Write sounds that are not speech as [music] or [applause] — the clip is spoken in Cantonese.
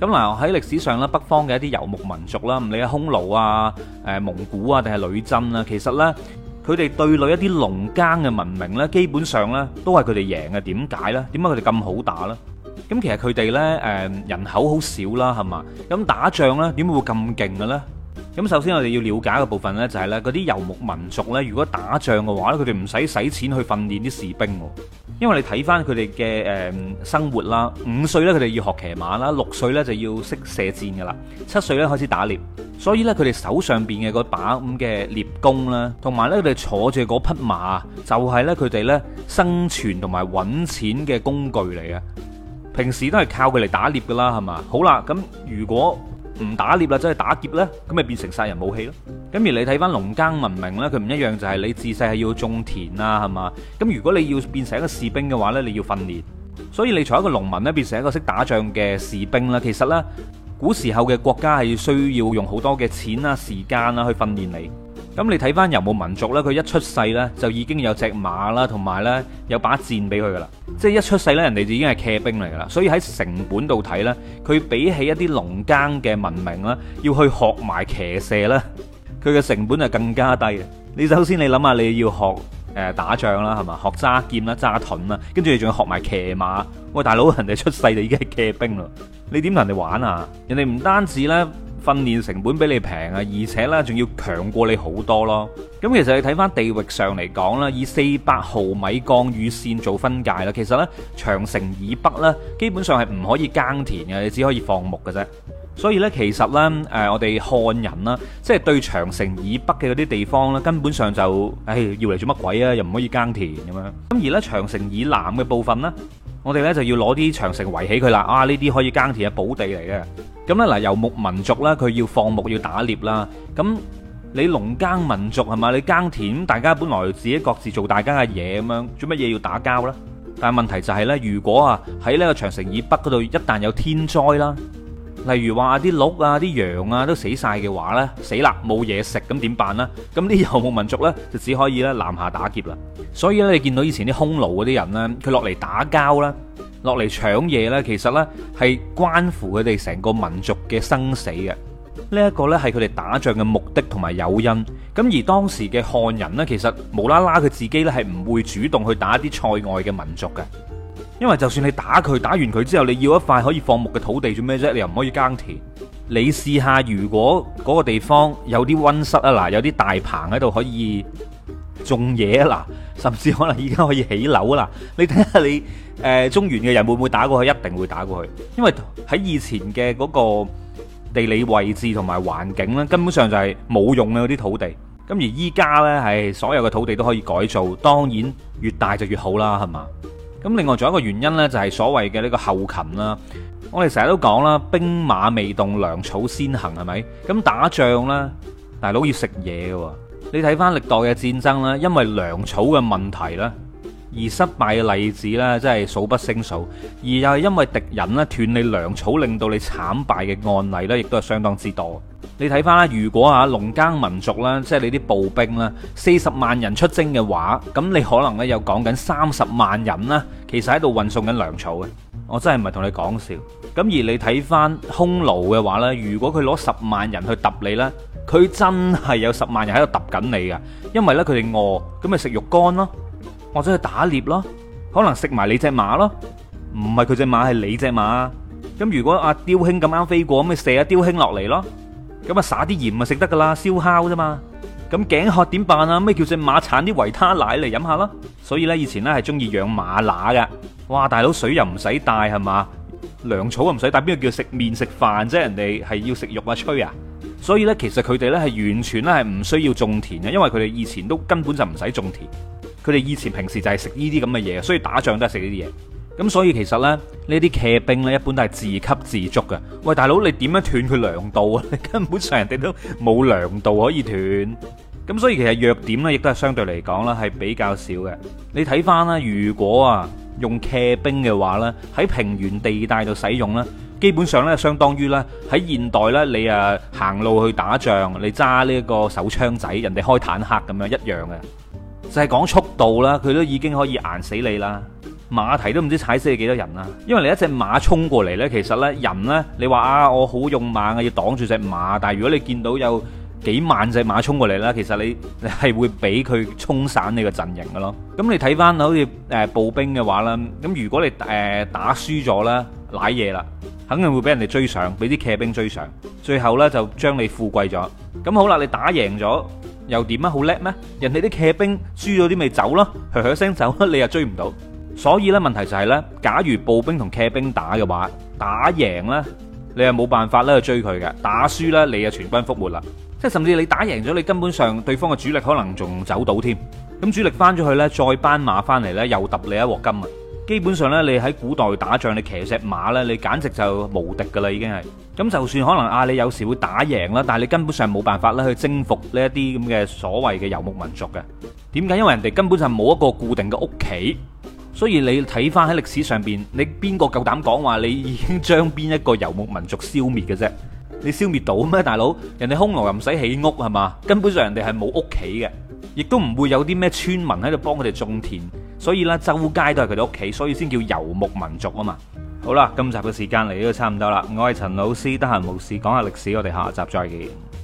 咁嗱喺歷史上咧，北方嘅一啲遊牧民族啦，唔理係匈奴啊、誒蒙古啊定係女真啊，其實咧佢哋對壘一啲農耕嘅文明咧，基本上咧都係佢哋贏嘅。點解咧？點解佢哋咁好打咧？咁其實佢哋咧誒人口好少啦，係嘛？咁打仗咧點會咁勁嘅咧？咁首先我哋要了解嘅部分呢、就是，就係呢嗰啲遊牧民族呢，如果打仗嘅話呢，佢哋唔使使錢去訓練啲士兵，因為你睇翻佢哋嘅誒生活啦，五歲呢，佢哋要學騎馬啦，六歲呢，就要識射箭噶啦，七歲呢，開始打獵，所以呢，佢哋手上邊嘅嗰把咁嘅獵弓啦，同埋呢，佢哋坐住嗰匹馬，就係呢佢哋呢生存同埋揾錢嘅工具嚟嘅，平時都係靠佢嚟打獵噶啦，係嘛，好啦，咁如果。唔打獵啦，即係打劫咧，咁咪變成殺人武器咯。咁而你睇翻農耕文明呢，佢唔一樣，就係你自細係要種田啊，係嘛？咁如果你要變成一個士兵嘅話呢，你要訓練。所以你從一個農民咧變成一個識打仗嘅士兵咧，其實呢，古時候嘅國家係需要用好多嘅錢啊、時間啊去訓練你。咁、嗯、你睇翻遊牧民族呢，佢一出世呢，就已經有隻馬啦，同埋呢有把箭俾佢噶啦，即係一出世呢，人哋就已經係騎兵嚟噶啦。所以喺成本度睇呢，佢比起一啲農耕嘅文明咧，要去學埋騎射啦，佢嘅成本就更加低。你首先你諗下，你要學誒、呃、打仗啦，係嘛？學揸劍啦，揸盾啦，跟住你仲要學埋騎馬。喂，大佬，人哋出世就已經係騎兵啦，你點同人哋玩啊？人哋唔單止呢。訓練成本比你平啊，而且咧仲要強過你好多咯。咁其實你睇翻地域上嚟講啦，以四百毫米降雨線做分界啦，其實咧長城以北咧基本上係唔可以耕田嘅，你只可以放牧嘅啫。所以咧其實咧誒我哋漢人啦，即係對長城以北嘅嗰啲地方咧，根本上就誒要嚟做乜鬼啊？又唔可以耕田咁樣。咁而咧長城以南嘅部分呢，我哋咧就要攞啲長城圍起佢啦。啊呢啲可以耕田嘅寶地嚟嘅。咁咧嗱，游牧民族啦，佢要放牧要打獵啦。咁你農耕民族係咪？你耕田，大家本來自己各自做大家嘅嘢咁樣，做乜嘢要打交呢？但係問題就係呢，如果啊喺呢個長城以北嗰度，一旦有天災啦，例如話啲鹿啊、啲羊啊都死晒嘅話呢，死啦冇嘢食，咁點辦呢？咁啲遊牧民族呢就只可以呢南下打劫啦。所以呢，你見到以前啲匈奴嗰啲人呢，佢落嚟打交啦。落嚟搶嘢呢，其實呢係關乎佢哋成個民族嘅生死嘅。呢一個呢係佢哋打仗嘅目的同埋誘因。咁而當時嘅漢人呢，其實無啦啦佢自己呢係唔會主動去打一啲塞外嘅民族嘅。因為就算你打佢，打完佢之後，你要一塊可以放牧嘅土地做咩啫？你又唔可以耕田。你試下，如果嗰個地方有啲温室啊嗱，有啲大棚喺度可以種嘢啊嗱。甚至可能而家可以起樓啦！你睇下你誒、呃、中原嘅人會唔會打過去？一定會打過去，因為喺以前嘅嗰個地理位置同埋環境咧，根本上就係冇用嘅嗰啲土地。咁而依家呢，係所有嘅土地都可以改造，當然越大就越好啦，係嘛？咁另外仲有一個原因呢，就係、是、所謂嘅呢個後勤啦。我哋成日都講啦，兵馬未動，糧草先行，係咪？咁打仗咧，大佬要食嘢㗎喎。你睇翻歷代嘅戰爭啦，因為糧草嘅問題啦，而失敗嘅例子咧，真係數不勝數。而又係因為敵人咧，斷你糧草，令到你慘敗嘅案例咧，亦都係相當之多。你睇翻啦，如果啊農耕民族啦，即係你啲步兵啦，四十萬人出征嘅話，咁你可能咧又講緊三十萬人啦，其實喺度運送緊糧草嘅。我真係唔係同你講笑。咁而你睇翻匈奴嘅話咧，如果佢攞十萬人去揼你咧，佢真係有十萬人喺度揼緊你噶，因為咧佢哋餓，咁咪食肉乾咯，或者去打獵咯，可能食埋你隻馬咯，唔係佢隻馬係你隻馬。咁如果阿雕兄咁啱飛過，咁咪射阿雕兄落嚟咯。咁啊撒啲鹽咪食得噶啦，燒烤啫嘛。咁頸渴點辦啊？咩叫隻馬產啲維他奶嚟飲下咯？所以咧以前咧係中意養馬乸㗎。哇大佬水又唔使帶係嘛？糧草唔使帶，邊個叫食麵食飯啫？人哋係要食肉啊，吹啊！所以呢，其實佢哋呢係完全呢係唔需要種田嘅，因為佢哋以前都根本就唔使種田。佢哋以前平時就係食呢啲咁嘅嘢，所以打仗都係食呢啲嘢。咁所以其實呢，呢啲騎兵呢一般都係自給自足嘅。喂，大佬你點樣斷佢糧道啊？你 [laughs] 根本上人哋都冇糧道可以斷。咁所以其實弱點呢亦都係相對嚟講啦，係比較少嘅。你睇翻啦，如果啊～用騎兵嘅話呢，喺平原地帶度使用呢基本上呢相當於呢喺現代呢，你啊行路去打仗，你揸呢個手槍仔，人哋開坦克咁樣一樣嘅，就係講速度啦，佢都已經可以硬死你啦，馬蹄都唔知踩死幾多人啦，因為你一隻馬衝過嚟呢，其實呢人呢，你話啊，我好用馬啊，要擋住隻馬，但係如果你見到有。幾萬隻馬衝過嚟啦，其實你係會俾佢沖散你個陣型噶咯。咁你睇翻好似誒、呃、步兵嘅話啦，咁如果你誒、呃、打輸咗啦，瀨嘢啦，肯定會俾人哋追上，俾啲騎兵追上，最後呢就將你富貴咗。咁好啦，你打贏咗又點啊？好叻咩？人哋啲騎兵輸咗啲咪走咯，噓噓聲走，你又追唔到。所以呢問題就係、是、呢，假如步兵同騎兵打嘅話，打贏呢，你又冇辦法咧去追佢嘅，打輸呢，你就全軍覆沒啦。即係甚至你打贏咗，你根本上對方嘅主力可能仲走到添。咁主力翻咗去呢，再班馬翻嚟呢，又揼你一鑊金啊！基本上呢，你喺古代打仗，你騎隻馬呢，你簡直就無敵噶啦，已經係。咁就算可能啊，你有時會打贏啦，但係你根本上冇辦法咧去征服呢一啲咁嘅所謂嘅遊牧民族嘅。點解？因為人哋根本就冇一個固定嘅屋企，所以你睇翻喺歷史上邊，你邊個夠膽講話你已經將邊一個遊牧民族消滅嘅啫？你消滅到咩，大佬？人哋匈奴又唔使起屋，係嘛？根本上人哋係冇屋企嘅，亦都唔會有啲咩村民喺度幫佢哋種田，所以呢，周街都係佢哋屋企，所以先叫遊牧民族啊嘛。好啦，今集嘅時間嚟到差唔多啦，我係陳老師，得閒無事講下歷史，我哋下集再見。